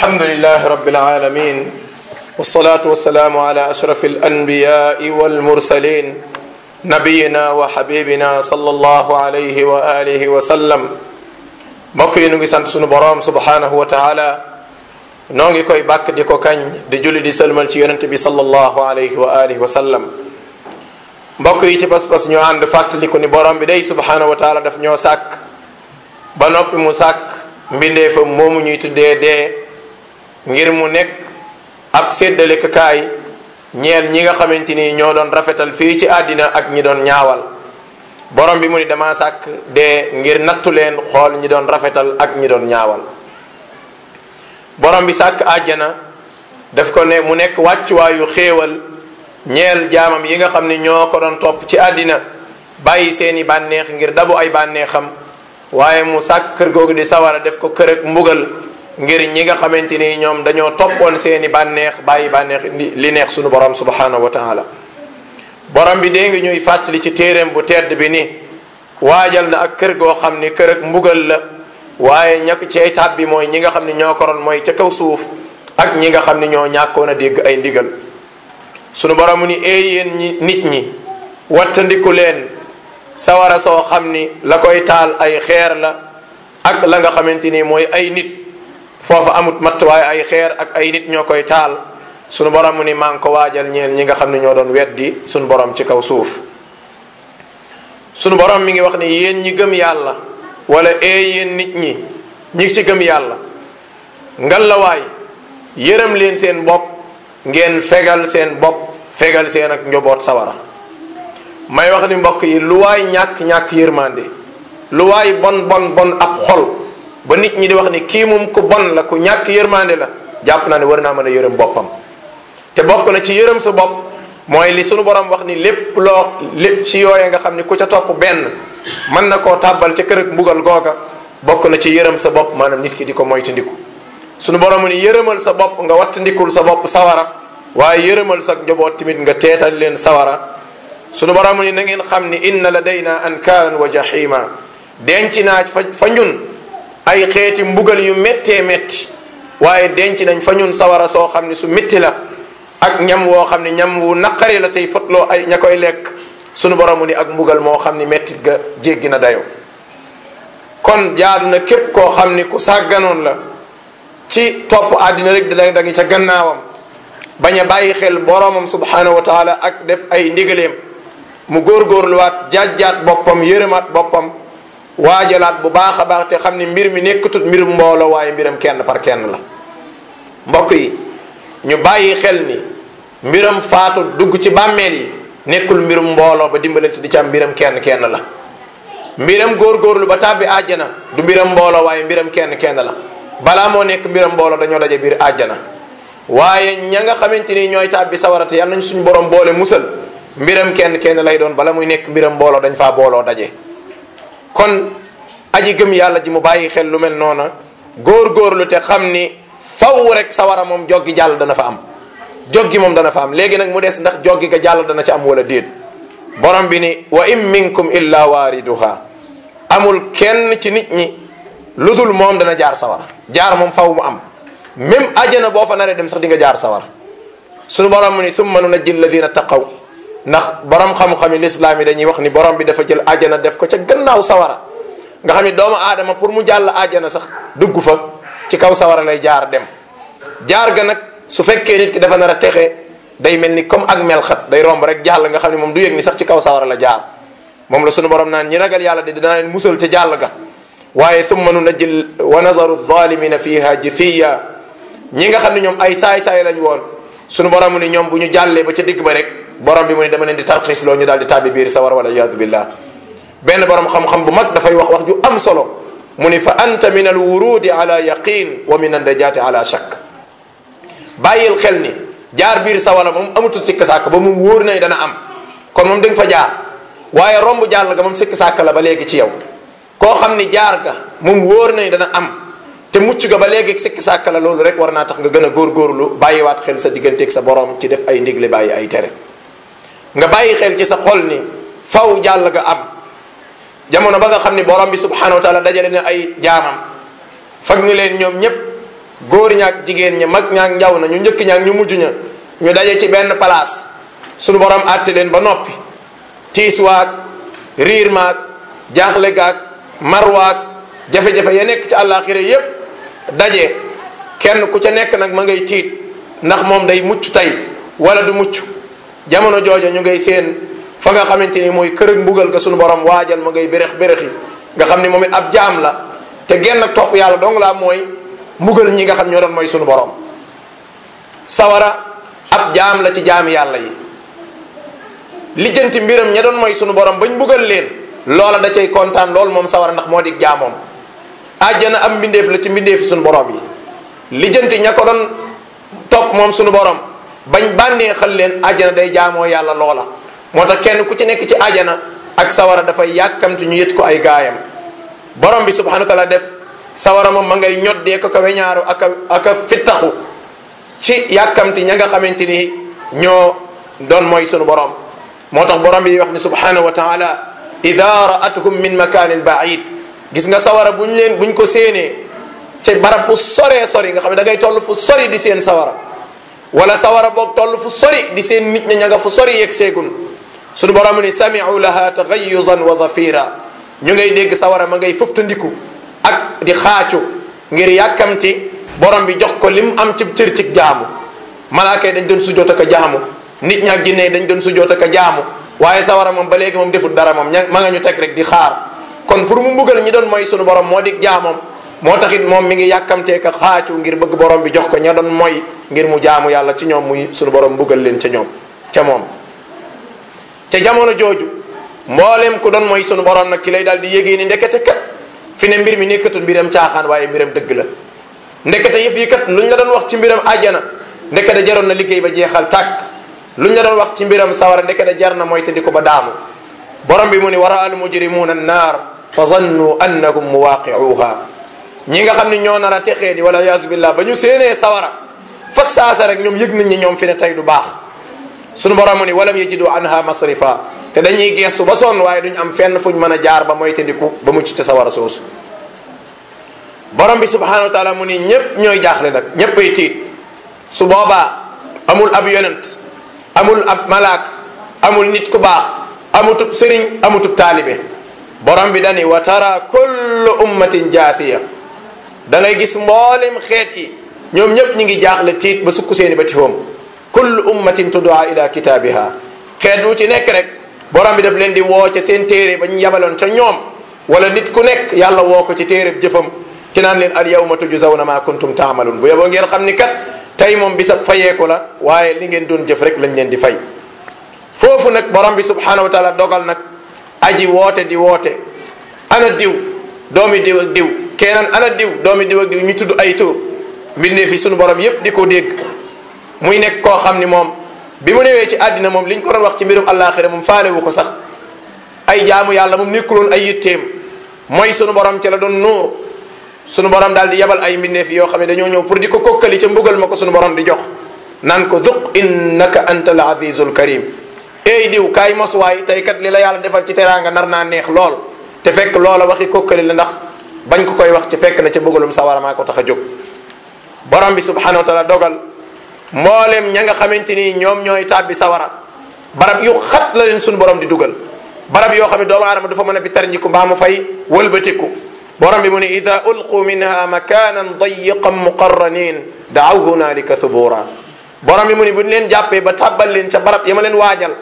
alhamdulilahi rabbil alamin wasalaatu wasalaamu ala ashrafi alanbiyai nabiyina wa xabibina sallallahu alayhi wa alihi wa sallam mbokk yi nu ngi sant sunu boroom subhanahu wa taala noo ngi koy bàkk di ko kañ di julli di sëlmal ci yonente bi sallallahu alayhi wa alihi wa sallam mbokk yi ci pas-pas ñoo ànd fàttaliku ni borom bi day subhanahu wa taala daf ñoo sàkk ba noppi mu sàkk mbindeefam moomu ñuy tuddee dee ngir mu nekk ab séddalekaay ñeel ñi nga xamante ni ñoo doon rafetal fii ci àddina ak ñi doon ñaawal borom bi mu ni sàkk dee ngir nattu leen xool ñi doon rafetal ak ñi ñaawal borom bi sàkk àjjana def ko ne mu nekk wàccuwaayu xéewal ñeel jaamam yi nga xam ne ñoo ko doon topp ci àddina bàyyi seeni bànneex ngir dabu ay bànneexam waaye mu sàkk kër googu di sawara def ko kër ak mbugal ngir ñi nga xamante ni ñoom dañoo toppoon seeni bànneex bàyyi bànneex li neex sunu borom subhanahu wa taala borom bi dee ngi ñuy fàttali ci téereem bu tedd bi ni waajal na ak kër goo xam ni kër ak mbugal la waaye ñakk ci étape bi mooy ñi nga xam ne ñoo koroon mooy ca kaw suuf ak ñi nga xam ne ñoo ñàkkoon a dégg ay ndigal sunu borom ni eey ñi nit ñi wattandiku leen sawara soo xam ni la koy taal ay xeer la ak la nga xamante ni mooy ay nit foofa amut matt waaye ay xeer ak ay nit ñoo koy taal sunu borom mu ni maa ngi ko waajal ñeen ñi nga xam ne ñoo doon weddi suñu borom ci kaw suuf suñu borom mi ngi wax ne yéen ñi gëm yàlla wala ee eh yéen nit ñi ñi ci gëm yàlla ngalawaay yërëm leen seen bopp ngeen fegal seen bopp fegal seen ak njoboot sawara may wax ni mbokk yi lu waay ñàkk ñàkk yërmande lu waay bon bon bon ab xol ba nit ñi di wax ni kii moom ku bon la ku ñàkk yërmande la jàpp naa ne war naa mën a yërëm boppam te bokk na ci yërëm sa bopp mooy li sunu borom wax ni lépp loo lépp ci yooye nga xam ni ku ca topp benn mën na koo tàbbal ca kër ak mbugal googa bokk na ci yërëm sa bopp maanaam nit ki di ko moytandiku sunu borom ni yërëmal sa bopp nga wattandikul sa bopp sawara waaye yërëmal sa njaboot tamit nga teetal leen sawara sunu borom ni na ngeen xam ni inna ladayna ankaalan wa jahima denc naa fa fa ñun ay xeeti mbugal yu méttee metti waaye denc nañ fa ñun sawara soo xam ne su metti la ak ñam woo xam ne ñam wu naqari la tey fotloo ay ña koy lekk sunu boromu ni ak mbugal moo xam ni méttit ga jéggi na dayo kon jaadu na képp koo xam ni ku sàgganoon la ci topp àddina rek da da ca gannaawam bañ a bàyyi xel boroomam subhanahu wa taala ak def ay ndigaleem mu góor góorgóorluwaat jaajaat boppam yërëmaat boppam waajalaat bu baax a baax te xam ni mbir mi nekkatut mbirum mbooloo waaye mbiram kenn par kenn la mbokk yi ñu bàyyi xel ni mbiram faatu dugg ci bàmmeel yi nekkul mbirum mbooloo ba dimbalante di ci am mbiram kenn kenn la mbiram góorgóorlu ba tàbbi àjjana du mbiram mbooloo waaye mbiram kenn kenn la balaa moo nekk mbiram mbooloo dañoo daje biir àjjana waaye ña nga xamante ni ñooy tàbbi sawarate yàlla nañ suñu borom boole musal mbiram kenn kenn lay doon bala muy nekk mbiram mbooloo dañ faa booloo daje kon aji gëm yàlla ji mu bàyyi xel lu mel noona góor góor lu te xam ni faw rek sawara moom joggi jàll dana fa am joggi moom dana fa am léegi nag mu des ndax joggi nga jàll dana ci am wala déet borom bi ni wa in minkum illa waariduha amul kenn ci nit ñi lu dul moom dana jaar sawar jaar moom faw mu am même ajana boo fa naree dem sax di nga jaar sawara suñu borom mu ni summa nunajji alladina taqaw ndax borom xam-xami lislaam yi dañuy wax ni borom bi dafa jël ajjana def ko ca gannaaw sawara nga xam ni doomu aadama pour mu jàll ajjana sax dugg fa ci kaw sawara lay jaar dem jaar ga nag su fekkee nit ki dafa nar a texe day mel ni comme ak melxat day romb rek jàll nga xam ni moom du yëg ni sax ci kaw sawara la jaar moom la sunu borom naan ñi ragal yàlla de dinaa leen musal ca jàll ga waaye summa nu najil wa nazaru zalimina fiha jithiya ñi nga xam ne ñoom ay saay-saay lañ woon sunu borom ni ñoom bu ñu jàllee ba ca digg ba rek borom bi mu ne dama leen di tarxiis loo ñu daal di tàbbi biir sawar wala iyaadu billah benn borom xam-xam bu mag dafay wax wax ju am solo mu ni fa anta min al wurudi ala yaqin wa min andajaati ala shakk bàyyil xel ni jaar biir sawara moom amatul sikk sàkk ba moom wóor na dana am kon moom da fa jaar waaye romb jàll ga moom sikk sàkk la ba léegi ci yow koo xam ni jaar ga moom wóor na dana am te mucc ga ba léegi sikk sàkk la loolu rek war naa tax nga gën a góorgóorlu bàyyiwaat xel sa digganteeg sa borom ci def ay ndigle bàyyi ay tere nga bàyyi xel ci sa xol ni faw jàll ga am jamono ba nga xam ni borom bi subhanahu wa taala dajale na ay jaamam fag ñu leen ñoom ñëpp góor ñaak jigéen ña mag ñaak njaw na ñu njëkk ñaak ñu mujj ña ñu daje ci benn place sunu borom àtte leen ba noppi tiis waag riir maag jaaxle gaag marwaag jafe-jafe ya nekk ci àllaaxira yépp daje kenn ku ca nekk nag ma ngay tiit ndax moom day mucc tey wala du mucc jamono joojo ñu ngay séen fa nga xamante ni mooy kër ak mbugal ga sunu borom waajal ma ngay bérex bérex nga xam ni moom it ab jaam la te genn ak topp yàlla dong laa mooy mbugal ñi nga xam ñoo doon mooy sunu borom sawara ab jaam la ci jaam yàlla yi lijjanti mbiram ña doon mooy sunu borom bañ mbugal leen loola da cay kontaan loolu moom sawara ndax moo di jaamoom àjjana am mbindeef la ci mbindeefi suñu borom yi lijjanti ña ko doon topp moom borom bañ bànneexal leen ajjana day jaamoo yàlla loola moo tax kenn ku ci nekk ci ajjana ak sawara dafay yàkkamti ñu yët ko ay gaayam borom bi subhanahu wa taala def sawara moom ma ngay ñoddee ko ka weñaaru ak fittaxu ci yàkkamti ña nga xamante ni ñoo doon mooy sunu borom moo tax borom bi wax ni subhanahu wa taala ida raatuhum min makanin baid gis nga sawara buñ leen buñ ko séenee ci barab bu soree sori nga xam ne da toll fu sori di seen sawara wala sawara boog toll fu sori di seen nit ña ña nga fu sori yegg suñu sunu borom ni samiu laha tagayuzan wa zafira ñu ngay dégg sawara ma ngay fëftandiku ak di xaacu ngir yàkkamti borom bi jox ko lim am ci cër ci jaamu malaaka dañ doon sujoot ak a jaamu nit ña ak dañ doon sujoot ak a jaamu waaye sawara moom ba léegi moom deful dara moom ña ma nga ñu teg rek di xaar kon pour mu mbugal ñi doon mooy sunu borom moo di jaamoom moo taxit moom mi ngi yàkkamtee ka xaacu ngir bëgg borom bi jox ko ña doon mooy ngir mu jaamu yàlla ci ñoom muy sunu borom mbugal leen ca ñoom ca moom ca jamono jooju mboolem ku doon mooy sunu borom nag ci lay daal di yégee ni ndekete kat fi ne mbir mi nekkatul mbiram caaxaan waaye mbiram dëgg la ndekete yëf yi kat luñ la doon wax ci mbiram àjjana ndekete jaroon na liggéey ba jeexal tàkk luñ la doon wax ci mbiram sawara ndekete jar na mooy te di ko ba daamu borom bi mu ni wara al mujrimuna annaar fa zannu annahum muwaqiuha ñi nga xam ne ñoo nar a ba ñu séenee sawara fa saasa rek ñoom yëg nañ ñi ñoom fi ne tey du baax su sunu borom mu ni walam yajidu anha masrifa te dañuy gestu ba sonn waaye duñ am fenn fuñ mën a jaar ba mooy tendiku ba mucc ca sawara soosu borom bi subhanahu wa taala mu ñëpp ñooy jaaxle nag ñëppay tiit su boobaa amul ab yonent amul ab malaak amul nit ku baax amutub sëriñ amutub taalibe borom bi dani wa tara kullu ummatin jaafiya da gis mboolem xeet ñoom ñëpp ñi ngi jaaxle tiit ba sukk seeni ba tifoom kullu ummatin tudu'a ila kitaabiha xeet wu ci nekk rek borom bi daf leen di woo ca seen téere ba ñu yabaloon ca ñoom wala nit ku nekk yàlla woo ko ci téere jëfam ki naan leen al yawma tujzawna ma kuntum taamaluun bu yeboo ngeen xam ni kat tey moom bisab fayeeku la waaye li ngeen doon jëf rek lañ leen di fay foofu nag borom bi subhanahu wa dogal nag aji woote di woote ana diw doomi diw ak diw keneen ana diw doomi diw ak diw ñu tudd ay tur mbindeef yi sunu borom yépp di ko dégg muy nekk koo xam ni moom bi mu newee ci àddina moom liñ ko doon wax ci mbirum àllaaxira moom faalewu ko sax ay jaamu yàlla moom nekkuloon ay yitteem mooy sunu borom ca la doon nuur sunu borom daal di yebal ay mbindeef yoo xam ne dañoo ñëw pour di ko kokkali ca mbugal ma ko sunu borom di naan ko duq innaka anta al azizul karim eey diw kaay mosuwaay tey kat la yàlla defal ci teraanga nar naa neex lool te fekk loola waxi kokkali la ndax bañ ko koy wax ci fekk na ca mbugalum sawara maa ko tax a jóg borom bi subhanahu wa taala dogal mboolem ña nga xamante ni ñoom ñooy tàbbi sawara barab yu xat la leen suñu borom di dugal barab yoo xam ne doomu aadama du fa mën a bi tarñiku mbaa mu fay wëlbatiku borom bi mu ne ida ulqu minha makanan dayiqan muqarranin daaw hunalika subura borom bi mu ne bu leen jàppee ba tàbbal leen ca barab ya ma leen waajal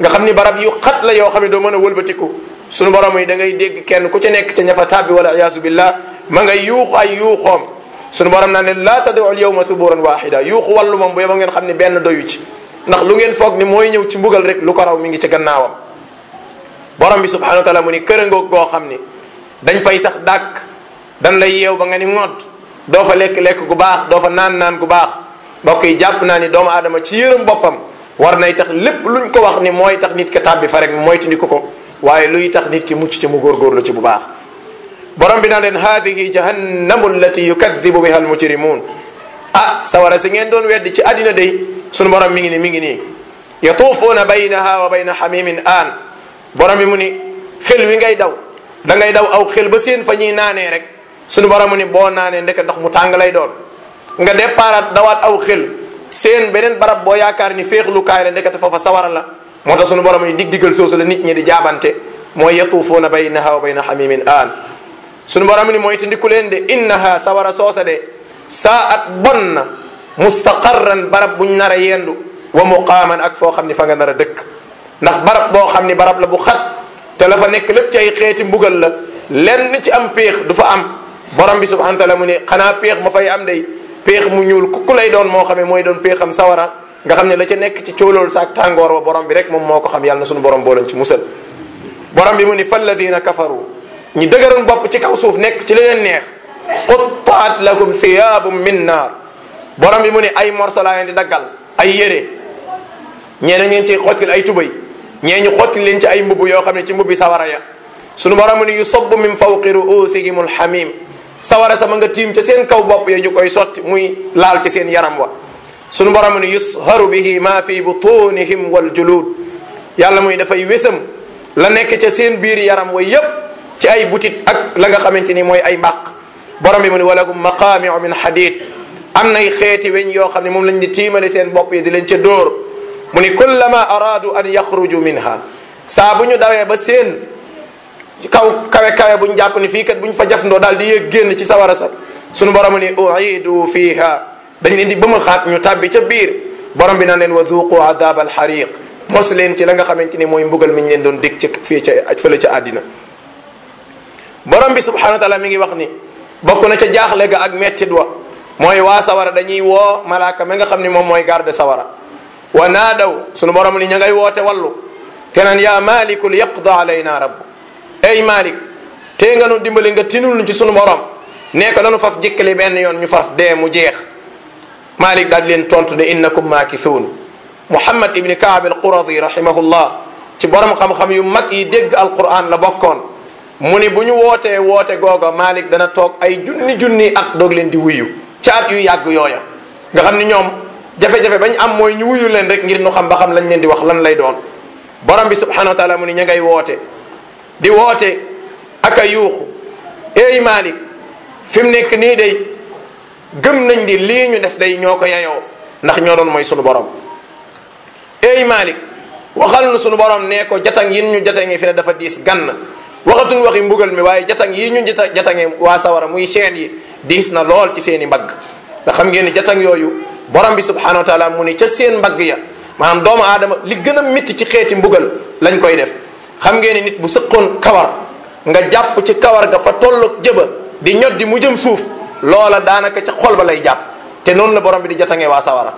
nga xam ni barab yu xat la yoo xam ne doo mën a wëlbatiku suñu borom yi da ngay dégg kenn ku ca nekk ca ñafa tàbbi wala iyaasu billah ma nga yuuxu ay yuuxoom suñu borom naa leen laa tad'u yow ma thuburan wahida yuuxu wàllu moom bu yoba ngeen xam ni benn doyu ci ndax lu ngeen foog ni mooy ñëw ci mbugal rek lu ko raw mi ngi ci gannaawam borom bi subhanahu wa taala mu ni kërangoog goo xam ni dañ fay sax dàkk dañ lay yeew ba nga ni ŋoot doo fa lekk-lekk gu baax doo fa naan naan gu baax mbokk yi jàpp naa ni doomu aadama ci yërëm boppam war nay tax lépp luñ ko wax ni mooy tax nit ki tàbbi fa rek mooy ko ko waaye luy tax nit ki mucc ci mu góorgóorlu ci bu baax borom bi naa leen haadihi jahannamu allati yukadibu biha almujrimun ah sawara si ngeen doon weddi ci àddina day sunu borom mi ngi ni mi ngi nii yatuufuuna baynaha wa bayna xamimin aan borom bi mu ni xel wi ngay daw da ngay daw aw xel ba seen fa ñuy naanee rek sunu borom mu ni boo naanee ndeke ndox mu tàng lay doon nga déparat dawaat aw xel seen beneen barab boo yaakaar ni féexlu kaay la ndekete foofa sawara la moo tax sunu borom ni dig digal soosu la nit ñi di jaabante mooy yatuufuuna baynaha wa bayna xamimin aan sunu borom ni moyta ndikku leen de innaha sawara soosa de saat bon na mustaqarran barab buñ nar a yendu wa muqaaman ak foo xam ni fa nga nar a dëkk ndax barab boo xam ni barab la bu xat te la fa nekk lépp ci ay xeeti mbugal la lenn ci am péex du fa am borom bi subhanahu wa taala mu ne xanaa péex ma fay am day péex mu ñuul kukku lay doon moo xamee mooy doon péexam sawara nga xam ne la ca nekk ci coolool saak tàngoor wa borom bi rek moom moo ko xam yàlla na sunu borom booleen ci musal borom bi mu ni falladina kafaru ñi dëgër bopp ci kaw suuf nekk ci li leen neex quttaat lakum thiyaabun min naar borom bi mu ne ay morso laa di daggal ay yére ñee na ngeen ci xottil ay tubay ñee ñu xottil leen ci ay mbubb yoo xam ne ci mbubbi sawara ya sunu borom mu ne yu sobb min fawqi ruusigimul xamim sawara sama nga tiim ca seen kaw bopp ya ñu koy sotti muy laal ci seen yaram wa sunu borom mu ne yusharu bihi ma fi butunihim wal julud yàlla muy dafay wésam la nekk ci seen biir yaram wa yépp ci ay boutique ak la nga xamante ni mooy ay mbàq borom bi mu ne walakum maqaamiu min xadid am nay xeeti weñ yoo xam ne moom lañ di tiimale seen bopp yi di leen ca dóor mu ni kullama araadu an yaxruju minha saa bu ñu dawee ba seen kaw kawe bu ñu jàpp ni fii kat bu ñu fa jafandoo daal di yëg génn ci sawara sa sunu borom ni uidu fiha dañ leen di ba mu xaat ñu tàbbi ca biir borom bi naan leen wa duuqu adab alxariq mos leen ci la nga xamante ni mooy mbugal mi ñu doon dégg ca fii ca fële ca àddina borom bi subhanahu wa taala mi ngi wax ni bokk na ca jaaxle ga ak mettit wa mooy waa sawara dañuy woo malaaka mi nga xam ni moom mooy garde sawara wa naadaw sunu borom li ña ngay woote wallu te naan yaa maliku li yaqda alayna rabbu ey malik tee nga nu dimbali nga tinul ci sunu borom nee ko nanu faf jikkali benn yoon ñu faf dee mu jeex malik daal leen tontu ne innakum maakithuun muhammad ibni kaab al quradi rahimahullah ci borom xam-xam yu mag yi dégg alquran la bokkoon mu ni bu ñu wootee woote googa Malick dana toog ay junni junni at doog leen di wuyu ci at yu yàgg yooya nga xam ni ñoom jafe-jafe bañ am mooy ñu wuyu leen rek ngir ñu xam ba xam lañ leen di wax lan lay doon borom bi subhanahu wa taala mu ña ngay woote di woote ak a yuuxu fi mu nekk nii day gëm nañ di lii ñu def day ñoo ko yayoo ndax ñoo doon mooy sunu borom eey Malick waxal nu sunu borom nee ko jatang yin ñu jatangee fi ne dafa diis gann waxatuñ waxi mbugal mi waaye jatang yi ñun jata jatangee waa sawara muy chaîne yi diis na lool ci seeni i mbagg nga xam ngeen ni jatang yooyu borom bi subhanahu wa taala mu ni ca seen mbagg ya maam doomu aadama li gën a métti ci xeeti mbugal lañ koy def xam ngeen ni nit bu sëqoon kawar nga jàpp ci kawar ga fa tolloog jëba di ñot mu jëm suuf loola daanaka ca xol ba lay jàpp te noonu la borom bi di jatangee waa sawara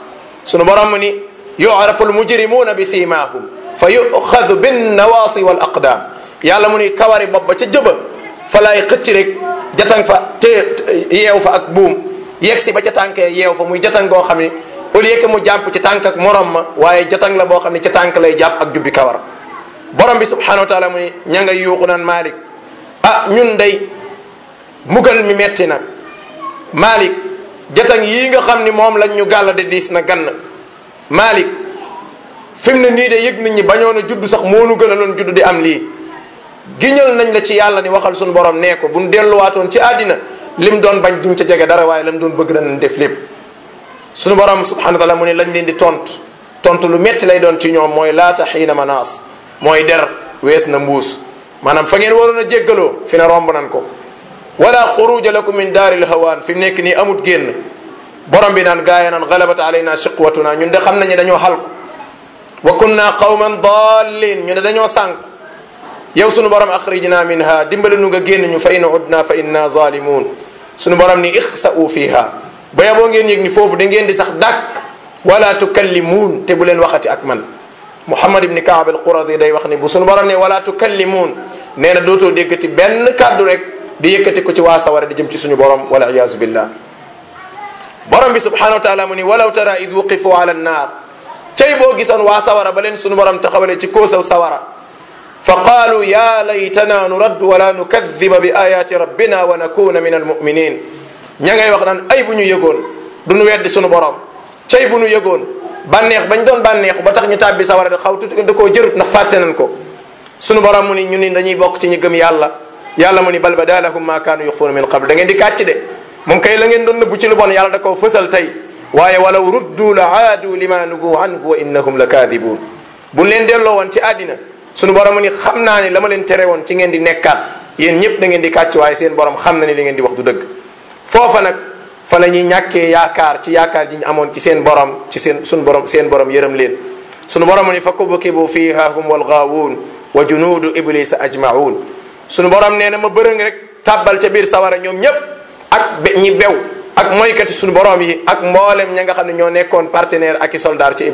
sunu borom mu ni yurafu almujrimuuna bi siimaahum fa yuxadu binnawaasi wal aqdaam yàlla mu ni kawari bopp ba ca jëba fa laay xëcc rek jatang fa te yeew fa ak buum yegg si ba ca tànkee yeew fa muy jatang goo xam ne au lieu que mu jàpp ci tànk ak morom ma waaye jatang la boo xam ne ca tànk lay jàpp ak jubbi kawar borom bi subhanahu wa taala mu ni ña nga yuuxu naan Malick ah ñun mi metti na Malick jatang yii nga xam ni moom lañ ñu gàll de diis na gann Malick fi ne nii de yëg nit ñi bañoon a judd sax moonu gën a loon judd di am lii giñal nañ la ci yàlla ni waxal suñu borom nee ko buñ delluwaatoon ci àddina lim doon bañ duñ ca jege dara waaye lam doon bëgg danañ def lépp suñu borom subhanahu wa mu ne lañ leen di tontu tontu lu metti lay doon ci ñoom mooy laata xiina manaas mooy der wees na mbuus maanaam fa ngeen waroon a jéggaloo fi ne romb nan ko wala xuruja lakum min daaril hawaan fi mu nekk nii amut génn borom bi naan gaaya naan galabat alayna shiqwatuna ñun de xam nañu dañoo xalku wa kunna qawman dallin yow sunu borom axrijna minha dimbali nu nga génn ñu fa in udna fa inna zalimun sunu borom ni ixsa'u fiha ba yaboo ngeen yëg ni foofu da ngeen di sax dàkk wala tukallimuun te bu leen waxati ak man Muhammad ibni Kaab al Quradi day wax ni bu sunu borom ne wala tukallimuun nee na dootoo déggati benn kàddu rek di ko ci waa sawara di jëm ci suñu borom wala iyaazu billah borom bi subhanahu wa taala mu ni walaw tara id wuqifu ala annaar cay boo gisoon waa sawara ba leen sunu borom taxawale ci koosaw sawara fa فقالوا يا ليتنا نرد ولا نكذب بآيات ربنا ونكون من المؤمنين ña ngay wax naan ay bu ñu yëgoon du nu weddi sunu borom cay bu ñu yëgoon bànneex bañ doon bànneexu ba tax ñu tàbbi sawara da xaw tuuti da koo jërut ndax fàtte nañ ko sunu borom mu ni ñu ni dañuy bokk ci ñi gëm yàlla yàlla mu ni bal badaa lahum maa kaanu yuxfuuna min qabl da ngeen di kàcc de moom kay la ngeen doon nëbbu ci lu bon yàlla da koo fësal tey waaye walaw ruddu la aadu lima nugu anhu wa innahum la kaadibuun bu leen delloo woon ci àddina sunu borom mu ni xam naa ni la ma leen tere woon ci ngeen di nekkaat yéen ñëpp da ngeen di kàcc waaye seen borom xam na ni li ngeen di wax du dëgg foofa nag fa la ñuy ñàkkee yaakaar ci yaakaar ji ñu amoon ci seen borom ci seen sunu borom seen borom yërëm leen sunu borom mu ni fa kubukibu fiiha hum walgaawuun wa junuudu iblisa ajmaun sunu borom nee na ma bërëng rek tàbbal ca biir sawara ñoom ñëpp ak ñi bew ak moykati sunu borom yi ak mboolem ña nga xam ne ñoo nekkoon partenaire ak i soldaar ci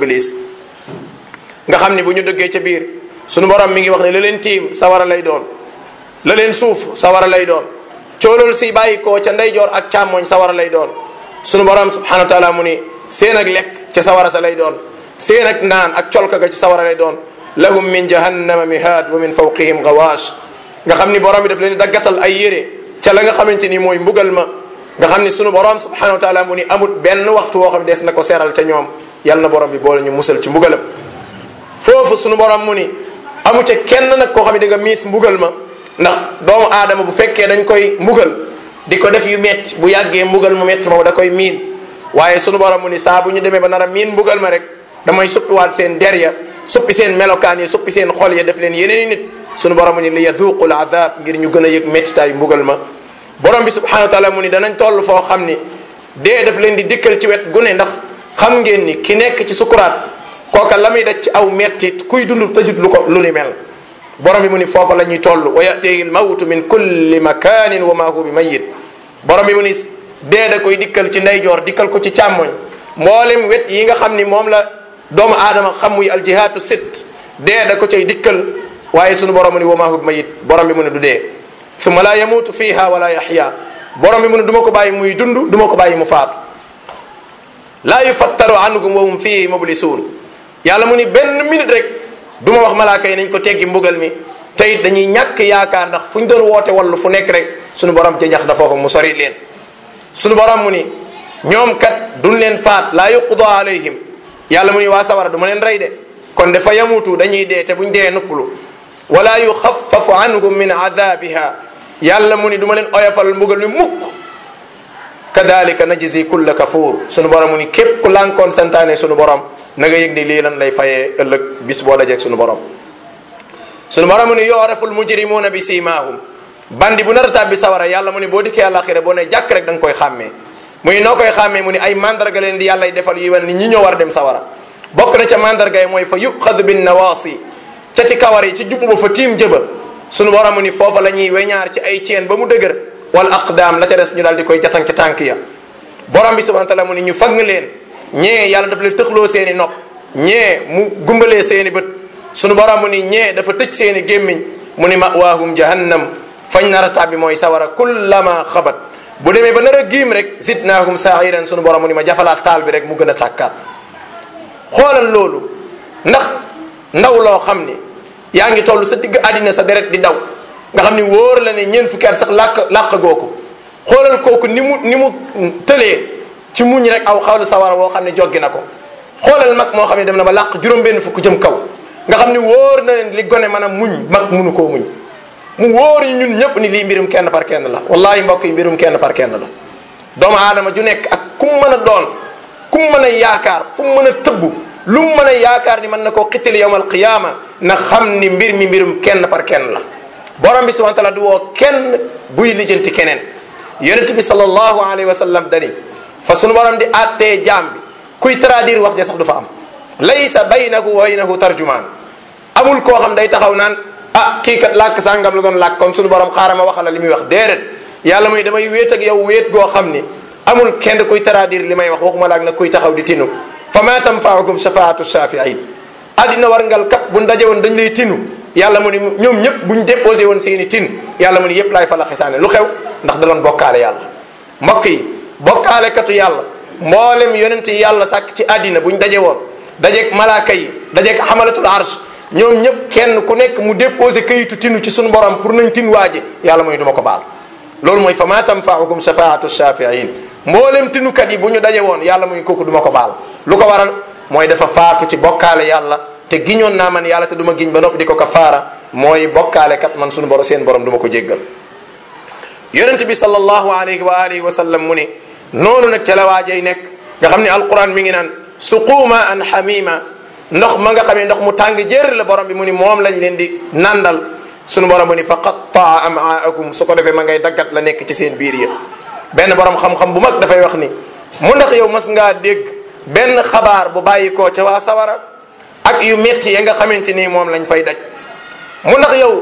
nga xam ni bu ñu dëggee ca biir sunu borom mi ngi wax ni la leen tiim sawara lay doon la leen suuf sawara lay doon coolool si bàyyi koo ca ndeyjoor ak càmmooñ sawara lay doon sunu borom subhanahu wa taala mu ni seen ak lekk ca sawara sa lay doon seen ak naan ak colka ga ci sawara lay doon lahum min jahannama mihaad wa min fawqihim gawaash nga xam ni bi daf leen daggatal ay yére ca la nga xamante ni mooy mbugal nga xam ni sunu borom subhanahu wa taala mu ni amut benn waxtu woo xam ne des na ko seeral ca ñoom yal na borom bi boole ñu musal ci mbugalam foofu sunu borom mu ni amu ca kenn nag koo xam ne di nga miis mbugal ma ndax doomu aadama bu fekkee dañ koy mbugal di ko def yu metti bu yàggee mbugal mu metti moom da koy miin waaye sunu borom mu ni saa bu ñu demee ba nar a mbugal ma rek damay suppiwaat seen der ya seen melokaan ya suppi seen xol ya def leen yeneen nit sunu borom mu ni li yaduqu l adab ngir ñu gën a yëg mettitaayu mbugal ma borom bi subhanahu wa taala mu ni danañ toll foo xam ni dee daf leen di dikkal ci wet gune ndax xam ngeen ni ki nekk ci sukkuraat kooka la muy ci aw mettit kuy dund tëjut lu ko lu ni mel borom bi mu ni foofa la ñuy toll wa yatihi lmawtu min kulli makanin wa ma huwa bi borom bi mu ni da koy dikkal ci ndeyjoor dikkal ko ci càmmoñ mboolem wet yi nga xam ni moom la doomu aadama xam muy aljihaatu sit da ko cay dikkal waaye sunu borom mu bi mayit borom bi mu ni du dee summa la yamuutu fiha wala yaxya borom bi mu ni du ma ko bàyyi muy dund du ma ko bàyyi mu faatu laa yufattaru anhum wa hum fihi mublisuun yàlla mu ni benn minute rek du ma wax malaaka yi nañ ko teggi mbugal mi tey dañuy ñàkk yaakaar ndax fu ñu doon woote wallu fu nekk rek suñu borom jañax da foofa mu sori leen suñu borom mu ni ñoom kat duñ leen faat la laa yuqda alayhim yàlla mu muy waa sawara du leen rey de kon dafa yamutu dañuy dee te buñ dee nuppalu wala yuxafafu anhum min adabiha yàlla mu ni duma leen oyofal mbugal mi mukk kadalika najzi kulla kafuur sunu borom mu ni képp ku lànkoon santaane suñu borom na nga yëg ni lii lan lay fayee ëllëg bis boo dajeeg sunu borom sunu borom mu ni yooraful mujrimuuna bi siimaahum bandi bu nar a tàbbi sawara yàlla mu ni boo dikkee àlaxira boo ne jàkk rek danga koy xàmmee muy noo koy xàmmee mu ni ay màndarga leen di yàlla defal yu wel ni ñi ñoo war dem sawara bokk na ca màndarga yi mooy fa yuxadu bin nawaasi ca ci kawar yi ci jubbu ba fa tiim jëba sunu borom mu ni foofa la ñuy weñaar ci ay ceen ba mu dëgër wal aqdaam la ca des ñu daal di koy jatan tànk ya borom bi subhanahu wa taala mu leen ñee yàlla dafa leen tëxloo seen i nopp ñee mu gumbalee seeni bët sunu borom mu ni ñee dafa tëj seeni gémmiñ mu ni mawaahum jahannam fañ nar a tàbbi mooy sawara lama xabat bu demee ba nar a giim rek zidnaahum saahiran sunu borom mu ni ma jafalaat taal bi rek mu gën a tàkkaat xoolal loolu ndax ndaw loo xam ni yaa ngi toll sa digg àddina sa deret di daw nga xam ni wóor la ne ñeent fukki at sax làkk làkk goo ko xoolal kooku ni mu ni mu tëlee ci muñ rek aw xawlu sawara woo xam ne joggi na ko xoolal mag moo xam ne dem na ba làq juróom-benn fukk jëm kaw nga xam ne wóor na leen li gone mën a muñ mag munu koo muñ mu wóor ñu ñun ñëpp ni lii mbirum kenn par kenn la wallahi mbokk yi mbirum kenn par kenn la doomu aadama ju nekk ak ku mu mën a doon ku mu mën a yaakaar fu mu mën a tëbb lu mu mën a yaakaar ni mën na koo xittil yawmal qiyaama na xam ni mbir mi mbirum kenn par kenn la borom bi subhanahu wa taala du woo kenn buy lijjanti keneen yonent bi sallallahu alayhi wa sallam dani fa sunu borom di àttee jaam bi kuy traduire wax ja sax du fa am laysa baynahu wa baynahu tarjumaan amul koo xam day taxaw naan a ah, kii kat làkk sàngam lu doon làkk kon sunu borom ma waxal la li muy wax déedéet yàlla mooy damay wéet ak yow wéet goo xam ni amul kenn kuy traduire li may wax waxuma laag nag kuy taxaw di tinu fa tam ma tanfaakum shafaatu shaafiin addina warngal kat bu daje woon dañ lay tinu yàlla mu ni ñoom ñëpp buñ déposé woon seen i tin yàlla mu ni yëpp laay fa la xisaane lu xew ndax da doon bokkaale yàlla mbokk yi bokkaalekatu yàlla mboolem yonent yàlla sàkk ci àddina bu ñu daje woon dajeeg malaaka yi dajeeg xamalatul arsh ñëpp kenn ku nekk mu déposé kayitu tinu ci suñu am pour nañ tin waaje yàlla mooy du ma ko baal loolu mooy fa maa tanfaahukum shafaatu shafiin mboolem tinukat yi bu ñu daje woon yàlla muy ko du ma ko baal lu ko waral mooy dafa faatu ci bokkaale yàlla te giñoon naa man yàlla te duma ma giñ ba noppi di ko kafaara mooy bokkaale kat man suñu borom seen borom du ko jéggal mu ne noonu nag ca la waajay nekk nga xam ne alquran mi ngi naan suquuma an xamima ndox ma nga xamee ndox mu tàng jër la borom bi mu ni moom lañ leen di nandal sunu borom mu ni fa qattaa amaakum su ko defee ma ngay daggat la nekk ci seen biir yi benn borom xam-xam bu mag dafay wax ni mu ndax yow mas ngaa benn xabaar bu bàyyikoo ca waa sawara ak yu metti ya nga xamante ni moom lañ fay daj mu ndax yow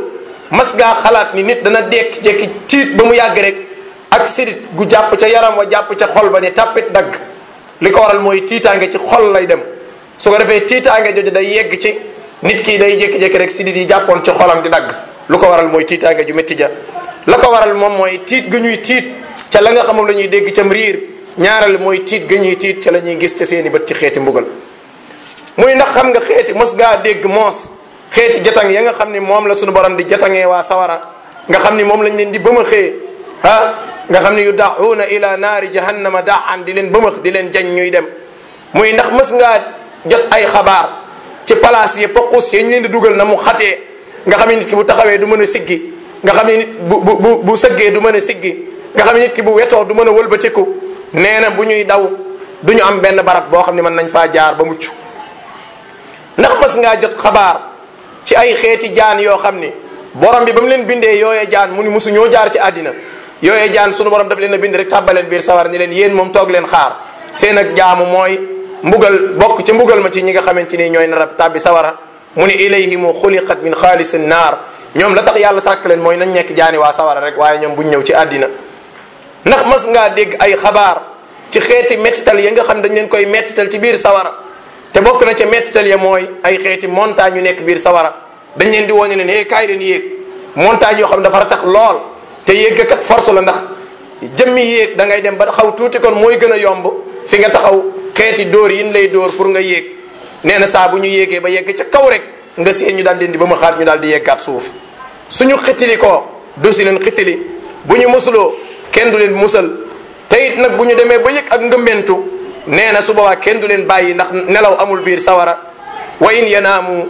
mas ngaa xalaat ni nit dana dekk jekki tiit ba mu yàgg rek ak sidit gu jàpp ca yaram wa jàpp ca xol ba ne tàppit dagg li ko waral mooy tiitaange ci xol lay dem su ko defee tiitaange jooju day yegg ci nit ki day jékki-jékki rek sidit yi jàppoon ci xolam di dagg lu ko waral mooy tiitaange ju métti ja la ko waral moom mooy tiit ga ñuy tiit ca la nga xamam la ñuy dégg cam riir ñaareel mooy tiit ga ñuy tiit ca la ñuy gis ca seeni bët ci xeeti mbugal muy ndax xam nga xeeti mos ngaa dégg moos xeeti jatang ya nga xam ni moom la suñu borom di jatangee waa sawara nga xam ni moom lañ leen di ba xëye nga xam ne yu daxuuna ila naari jahannama daan di leen bëmëx di leen jañ ñuy dem muy ndax mës ngaa jot ay xabaar ci palaas yi poqus yi ñu leen di dugal na mu xatee nga xam ne nit ki bu taxawee du mën a siggi nga xam ne nit bu sëggee du mën a siggi nga xam ne nit ki bu wetoo du mën a wëlbatiku nee na bu ñuy daw du ñu am benn barab boo xam ne mën nañ faa jaar ba mucc ndax mas ngaa jot xabaar ci ay xeeti jaan yoo xam ni borom bi ba mu leen bindee yooya jaan mu nu mosu ñoo jaar ci àddina yooyu jaan sunu borom daf leen a bind rek tàbbaleen biir sawar ni leen yéen moom toog leen xaar seen ak jaamu mooy mbugal bokk ca mbugal ma ci ñi nga xamante ne ñooy narab tàbbi sawara mu ni ilayhimu xuliqat min xaalisin naar ñoom la tax yàlla sàkk leen mooy nañ nekk jaani waa sawara rek waaye ñoom buñ ñëw ci àddina ndax mas ngaa dégg ay xabaar ci xeeti mettital yi nga xam dañ leen koy mettital ci biir sawara te bokk na ca mettital ya mooy ay xeeti montagne yu nekk biir sawara dañ leen di wone leen hey kaay leen yéeg yoo xam dafa tax lool te yéeg kat force la ndax jëmmi yéeg da ngay dem ba xaw tuuti kon mooy gën a yomb fi nga taxaw xeeti door yin lay door pour nga yéeg nee na saa ñu yéegee ba yegg ca kaw rek nga seen ñu daal di indi ba ma xaar ñu daal di yeggaat suuf suñu xitili ko du si leen xitili bu ñu musuloo kenn du leen musal te it nag bu ñu demee ba yëg ak ngëmmentu nee na su boobaa kenn du leen bàyyi ndax nelaw amul biir sawara wa in yanaamu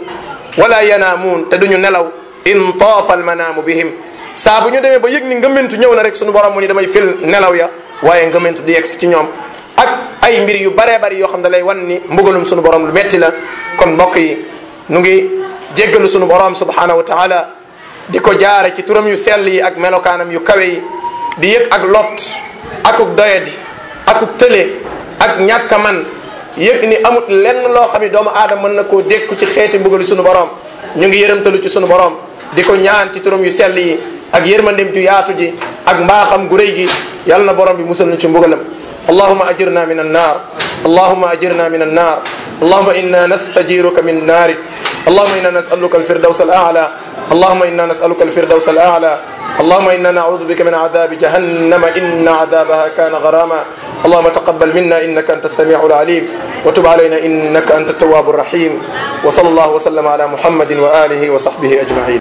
wala yanaamuun te duñu nelaw in taafa almanaamu bihim saa bu ñu demee ba yëg ni ngëmentu ñëw na rek suñu borom mu ni damay fil nelaw ya waaye ngëmentu di yegsi ci ñoom ak ay mbir yu baree bari yoo xam ne lay wan ni mbugalum suñu borom lu metti la kon mbokk yi nu ngi jéggalu suñu borom subhanahu wa taala di ko jaare ci turam yu sell yi ak melokaanam yu kawe di yëg ak lot akuk doyadi akuk tële ak ñàkk man yëg ni amut lenn loo xam doomu aadama mën na koo dékku ci xeeti mbugalu suñu borom ñu ngi yërëmtalu ci suñu borom di ko ñaan ci turam yu sell yi ak yërmandeem ju yaatu ji ak mbaaxam gu rëy gi yàlla na borom bi musal na ci mbugalam allahuma ajirna min annaar allahuma ajirna min annaar allahuma inna nastajiruka min naarik allahuma inna nasaluka alfirdaws al ala allahuma inna nasaluka alfirdaws al ala allahuma inna naudu bika min adabi jahannama inna adabaha kana garama allahuma taqabal minna innaka anta alsamiu alalim wa tub alayna innaka anta altawabu alrahim wa sal allahu wa sallam ala muhammadin wa alihi wa sahbihi ajmain